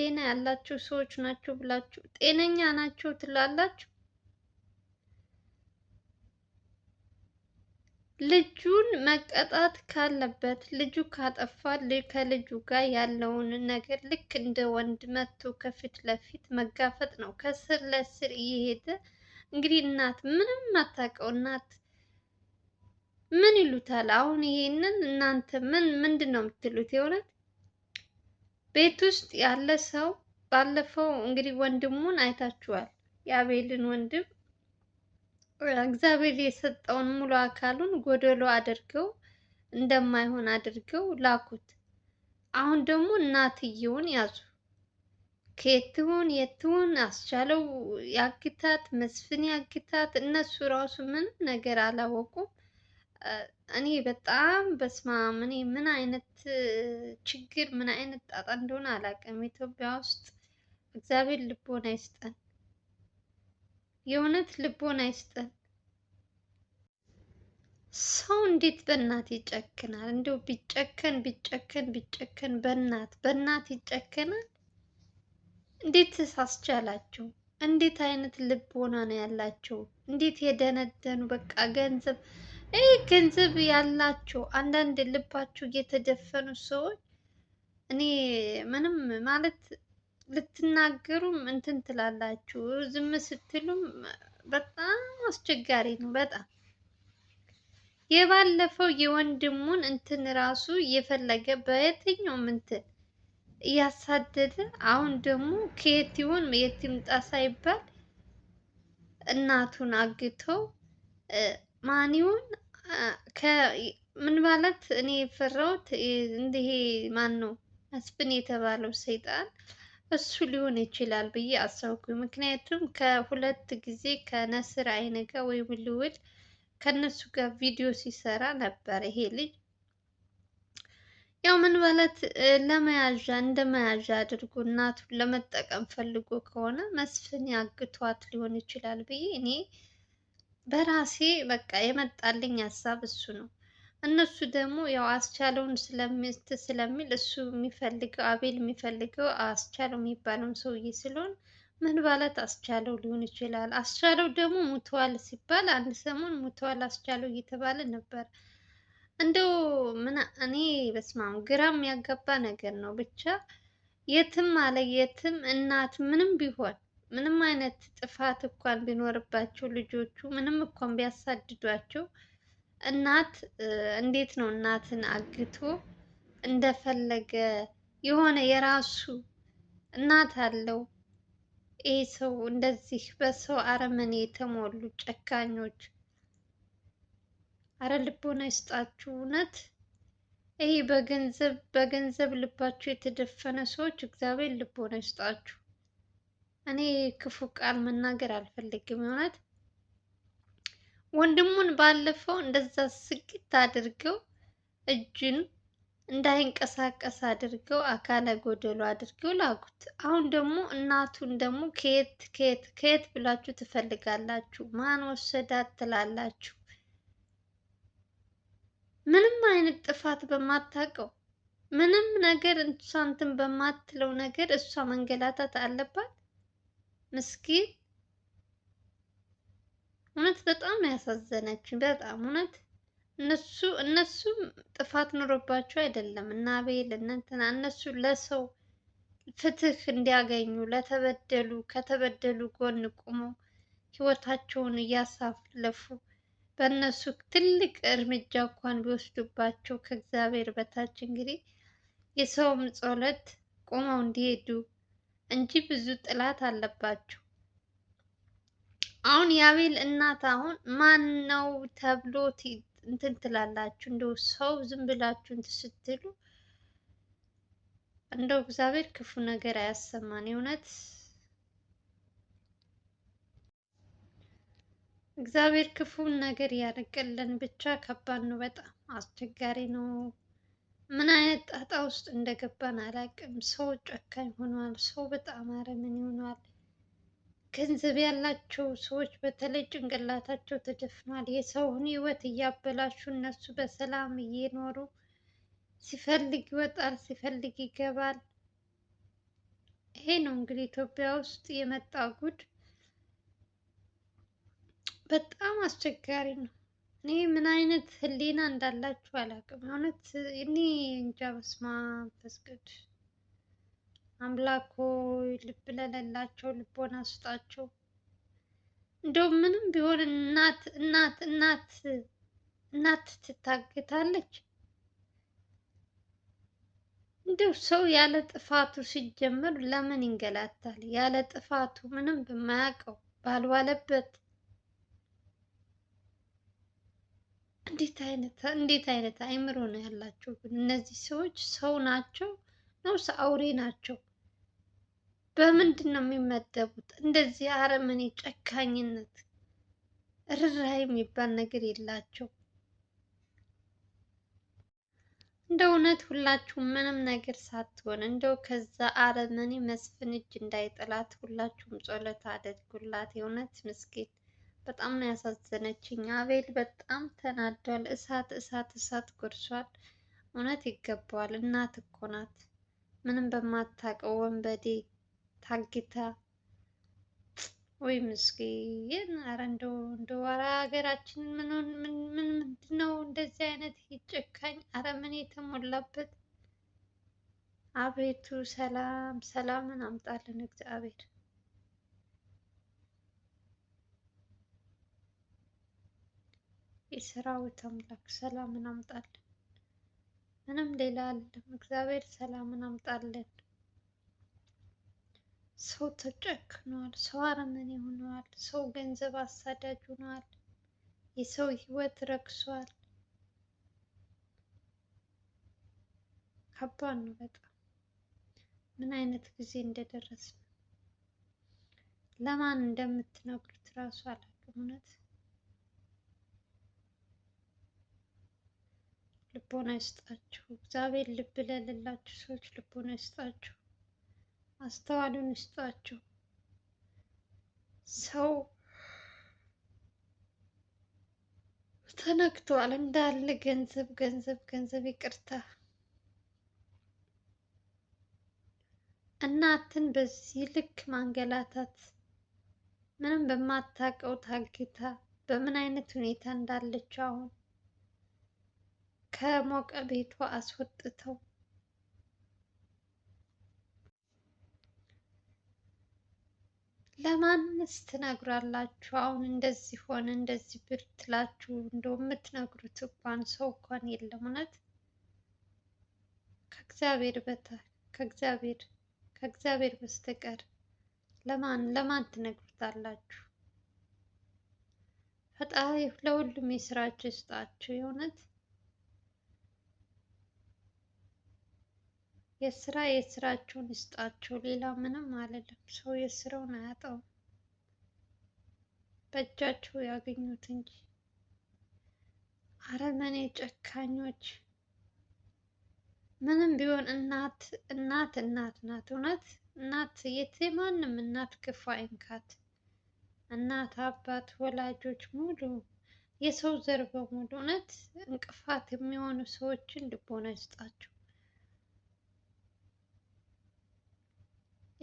ጤና ያላችሁ ሰዎች ናችሁ ብላችሁ ጤነኛ ናችሁ ትላላችሁ። ልጁን መቀጣት ካለበት ልጁ ካጠፋ ከልጁ ጋር ያለውን ነገር ልክ እንደ ወንድ መቶ ከፊት ለፊት መጋፈጥ ነው። ከስር ለስር እየሄደ እንግዲህ እናት ምንም የማታውቀው እናት ምን ይሉታል? አሁን ይሄንን እናንተ ምን ምንድን ነው የምትሉት? የእውነት ቤት ውስጥ ያለ ሰው ባለፈው እንግዲህ ወንድሙን አይታችኋል። የአቤልን ወንድም እግዚአብሔር የሰጠውን ሙሉ አካሉን ጎደሎ አድርገው እንደማይሆን አድርገው ላኩት። አሁን ደግሞ እናትየውን ያዙ። ከየትሁን የትሁን አስቻለው ያግታት፣ መስፍን ያግታት። እነሱ ራሱ ምን ነገር አላወቁም። እኔ በጣም በስማም እኔ ምን አይነት ችግር ምን አይነት ጣጣ እንደሆነ አላውቅም። ኢትዮጵያ ውስጥ እግዚአብሔር ልቦና አይስጠን፣ የእውነት ልቦና አይስጠን። ሰው እንዴት በእናት ይጨክናል? እንዲሁ ቢጨከን ቢጨከን ቢጨከን በእናት በእናት ይጨከናል። እንዴት ሳስቻላቸው እንዴት አይነት ልቦና ነው ያላቸው? እንዴት የደነደኑ በቃ ገንዘብ ይህ ገንዘብ ያላቸው አንዳንድ ልባቸው እየተደፈኑ ሰዎች እኔ ምንም ማለት ልትናገሩም እንትን ትላላችሁ፣ ዝም ስትሉም በጣም አስቸጋሪ ነው። በጣም የባለፈው የወንድሙን እንትን ራሱ እየፈለገ በየትኛውም እንትን እያሳደደ አሁን ደግሞ ከየት ይሆን የት ይምጣ ሳይባል እናቱን አግተው ማኒውን ምን ማለት እኔ የፈራሁት እንዲህ ማን ነው መስፍን የተባለው ሰይጣን እሱ ሊሆን ይችላል ብዬ አሰብኩኝ። ምክንያቱም ከሁለት ጊዜ ከነስር አይነ ጋር ወይም ልውል ከነሱ ጋር ቪዲዮ ሲሰራ ነበር ይሄ ልጅ። ያው ምን ማለት ለመያዣ እንደ መያዣ አድርጎ እናቱን ለመጠቀም ፈልጎ ከሆነ መስፍን ያግቷት ሊሆን ይችላል ብዬ እኔ በራሴ በቃ የመጣልኝ ሀሳብ እሱ ነው። እነሱ ደግሞ ያው አስቻለውን ስለሚስት ስለሚል እሱ የሚፈልገው አቤል የሚፈልገው አስቻለው የሚባለውን ሰውዬ ስለሆን ምን ባላት አስቻለው ሊሆን ይችላል። አስቻለው ደግሞ ሙተዋል ሲባል አንድ ሰሞን ሙተዋል አስቻለው እየተባለ ነበር። እንደው ምን እኔ በስማም ግራም ያጋባ ነገር ነው። ብቻ የትም አለ የትም እናት ምንም ቢሆን ምንም አይነት ጥፋት እንኳን ቢኖርባቸው ልጆቹ ምንም እንኳን ቢያሳድዷቸው እናት እንዴት ነው እናትን አግቶ እንደፈለገ የሆነ የራሱ እናት አለው። ይህ ሰው እንደዚህ በሰው አረመኔ የተሞሉ ጨካኞች፣ አረ ልቦና ይስጣችሁ እውነት። ይህ በገንዘብ በገንዘብ ልባቸው የተደፈነ ሰዎች እግዚአብሔር ልቦና ይስጣችሁ። እኔ ክፉ ቃል መናገር አልፈልግም። እውነት ወንድሙን ባለፈው እንደዛ ስግት አድርገው እጁን እንዳይንቀሳቀስ አድርገው አካለ ጎደሎ አድርገው ላኩት። አሁን ደግሞ እናቱን ደግሞ ከየት ከየት ከየት ብላችሁ ትፈልጋላችሁ? ማን ወሰዳት ትላላችሁ? ምንም አይነት ጥፋት በማታውቀው ምንም ነገር እሷ እንትን በማትለው ነገር እሷ መንገላታት አለባት። ምስኪን እውነት በጣም ያሳዘነች በጣም እውነት እነሱ እነሱም ጥፋት ኑሮባቸው አይደለም እና አቤል እንትና እነሱ ለሰው ፍትህ እንዲያገኙ ለተበደሉ ከተበደሉ ጎን ቁመው ህይወታቸውን እያሳለፉ በእነሱ ትልቅ እርምጃ እንኳን ቢወስዱባቸው ከእግዚአብሔር በታች እንግዲህ የሰውም ጸሎት ቁመው እንዲሄዱ እንጂ ብዙ ጥላት አለባችሁ። አሁን የአቤል እናት አሁን ማን ነው ተብሎ እንትን ትላላችሁ። እንደው ሰው ዝም ብላችሁ እንትን ስትሉ እንደው እግዚአብሔር ክፉ ነገር አያሰማን። የእውነት እግዚአብሔር ክፉን ነገር ያርቅልን። ብቻ ከባድ ነው፣ በጣም አስቸጋሪ ነው። ምን አይነት ጣጣ ውስጥ እንደገባን አላውቅም። ሰው ጨካኝ ሆኗል። ሰው በጣም አረመኔ ሆኗል። ገንዘብ ያላቸው ሰዎች በተለይ ጭንቅላታቸው ተደፍኗል። የሰውን ሕይወት እያበላሹ እነሱ በሰላም እየኖሩ ሲፈልግ ይወጣል፣ ሲፈልግ ይገባል። ይሄ ነው እንግዲህ ኢትዮጵያ ውስጥ የመጣ ጉድ። በጣም አስቸጋሪ ነው። እኔ ምን አይነት ህሊና እንዳላችሁ አላውቅም። እውነት እኔ እንጃ። በስመ አብ በስቅድ አምላኮ ልብ ለሌላቸው ልቦና ስጣቸው። እንደው ምንም ቢሆን እናት እናት እናት እናት ትታግታለች። እንደው ሰው ያለ ጥፋቱ ሲጀመር ለምን ይንገላታል? ያለ ጥፋቱ ምንም በማያውቀው ባልዋለበት እንዴት አይነት እንዴት አይነት አይምሮ ነው ያላቸው ግን እነዚህ ሰዎች ሰው ናቸው ነው አውሬ ናቸው? በምንድን ነው የሚመደቡት? እንደዚህ አረመኔ ጨካኝነት፣ ርኅራኄ የሚባል ነገር የላቸው። እንደ እውነት ሁላችሁም ምንም ነገር ሳትሆን እንደው ከዛ አረመኔ መስፍን እጅ እንዳይጥላት ሁላችሁም ጸሎት አድርጉላት። የእውነት ምስኪን በጣም ነው ያሳዘነችኝ። አቤል በጣም ተናዷል። እሳት እሳት እሳት ጎርሷል። እውነት ይገባዋል። እናት እኮ ናት። ምንም በማታውቀው ወንበዴ ታግታ ወይ ምስኪን። ኧረ እንደው እንደው ኧረ ሀገራችን ምን ምንድን ነው እንደዚህ አይነት ይጨካኝ? አረ ምን የተሞላበት አቤቱ። ሰላም ሰላምን አምጣልን እግዚአብሔር። የሰራዊት አምላክ ሰላምን አምጣልን። ምንም ሌላ አይደለም። እግዚአብሔር ሰላምን አምጣልን። ሰው ተጨክኗል። ሰው አረመኔ ሆኗል። ሰው ገንዘብ አሳዳጅ ሆኗል። የሰው ህይወት ረክሷል። ከባድ ነው በጣም። ምን አይነት ጊዜ እንደደረስን ለማን እንደምትነግሩት እራሱ አላውቅም እውነት ልቦና ይስጣችሁ። እግዚአብሔር ልብ ለሌላችሁ ሰዎች ልቦና ይስጣችሁ፣ አስተዋሉን ይስጣችሁ። ሰው ተነክቷል እንዳለ ገንዘብ ገንዘብ ገንዘብ። ይቅርታ እናትን በዚህ ልክ ማንገላታት ምንም በማታውቀው ታግታ በምን አይነት ሁኔታ እንዳለችው አሁን ከሞቀ ቤቷ አስወጥተው ለማንስ ትነግራላችሁ? አሁን እንደዚህ ሆነ እንደዚህ ብትላችሁ እንደው የምትነግሩት እንኳን ሰው እንኳን የለም። እውነት ከእግዚአብሔር በታች ከእግዚአብሔር ከእግዚአብሔር በስተቀር ለማን ለማን ትነግሩታላችሁ? ፈጣሪ ለሁሉም የስራቸው ይስጣቸው የእውነት የስራ የስራቸውን ይስጣቸው። ሌላ ምንም አልልም። ሰው የስራውን አያጣውም። በእጃቸው ያገኙት እንጂ አረመኔ ጨካኞች። ምንም ቢሆን እናት እናት እናት ናት። እውነት እናት ማንም እናት ክፉ አይንካት። እናት አባት፣ ወላጆች ሙሉ የሰው ዘር በሙሉ እውነት እንቅፋት የሚሆኑ ሰዎችን ልቦና ይስጣቸው።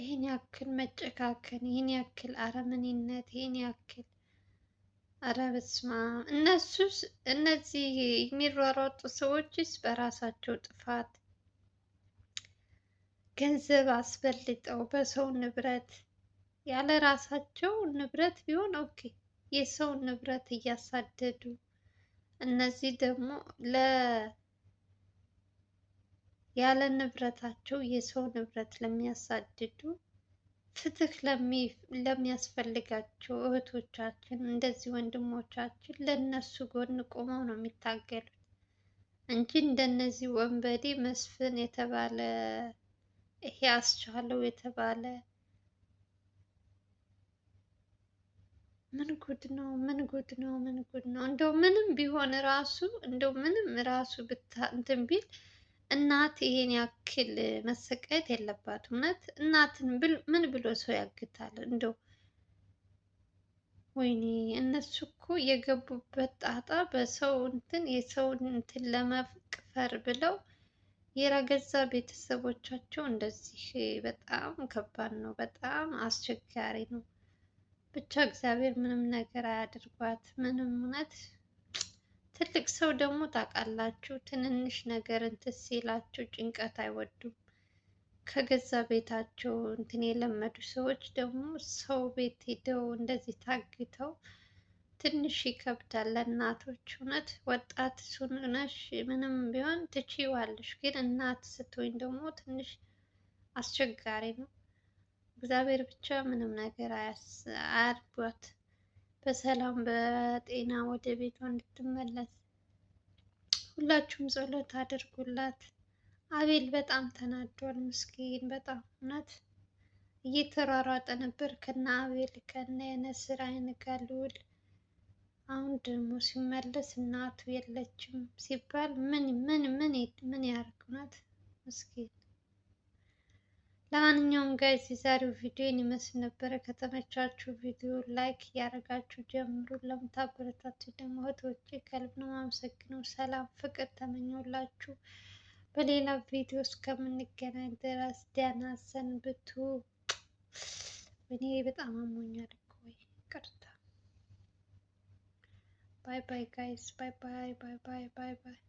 ይህን ያክል መጨካከን፣ ይህን ያክል አረመኔነት፣ ይህን ያክል ኧረ በስመ አብ። እነሱስ እነዚህ የሚሯሯጡ ሰዎችስ በራሳቸው ጥፋት ገንዘብ አስበልጠው በሰው ንብረት ያለ ራሳቸው ንብረት ቢሆን ኦኬ፣ የሰው ንብረት እያሳደዱ እነዚህ ደግሞ ለ ያለ ንብረታቸው የሰው ንብረት ለሚያሳድዱ ፍትህ ለሚያስፈልጋቸው እህቶቻችን እንደዚህ ወንድሞቻችን ለእነሱ ጎን ቆመው ነው የሚታገሉት እንጂ እንደነዚህ ወንበዴ መስፍን የተባለ ይሄ አስቻለው የተባለ ምን ጉድ ነው? ምን ጉድ ነው? ምን ጉድ ነው? እንደው ምንም ቢሆን ራሱ እንደው ምንም ራሱ እንትን ቢል እናት ይሄን ያክል መሰቃየት የለባትም። እውነት እናትን ምን ብሎ ሰው ያግታል? እንደው ወይኔ እነሱ እኮ የገቡበት ጣጣ በሰው እንትን የሰው እንትን ለመቅፈር ብለው የራገዛ ቤተሰቦቻቸው እንደዚህ በጣም ከባድ ነው። በጣም አስቸጋሪ ነው። ብቻ እግዚአብሔር ምንም ነገር አያድርጓት። ምንም እውነት ትልቅ ሰው ደግሞ ታውቃላችሁ ትንንሽ ነገር እንትን ሲላቸው ጭንቀት አይወዱም። ከገዛ ቤታቸው እንትን የለመዱ ሰዎች ደግሞ ሰው ቤት ሄደው እንደዚህ ታግተው ትንሽ ይከብዳል ለእናቶች። እውነት ወጣት ሱነሽ ምንም ቢሆን ትችይዋለሽ፣ ግን እናት ስትሆኝ ደግሞ ትንሽ አስቸጋሪ ነው። እግዚአብሔር ብቻ ምንም ነገር አያርጓት። በሰላም በጤና ወደ ቤቷ እንድትመለስ ሁላችሁም ጸሎት አድርጉላት። አቤል በጣም ተናዷል። ምስኪን በጣም እውነት እየተሯሯጠ ነበር ከነ አቤል ከነ የነስር አይን ጋር ልዑል። አሁን ደግሞ ሲመለስ እናቱ የለችም ሲባል ምን ምን ምን ምን ያርግ እውነት ምስኪን ለማንኛውም ጋይስ የዛሬው ቪዲዮ ይመስል ነበረ። ከተመቻችሁ ቪዲዮ ላይክ እያደረጋችሁ ጀምሩ። ለምታበረታቱ ደግሞ እህቶቼ ከልብ ነው አመሰግነው። ሰላም ፍቅር ተመኘውላችሁ! በሌላ ቪዲዮ እስከምንገናኝ ድረስ ደህና ሰንብቱ። እኔ በጣም አሞኛል እኮ ይቅርታ። ባይ ባይ ጋይስ ባይ ባይ ባይ ባይ ባይ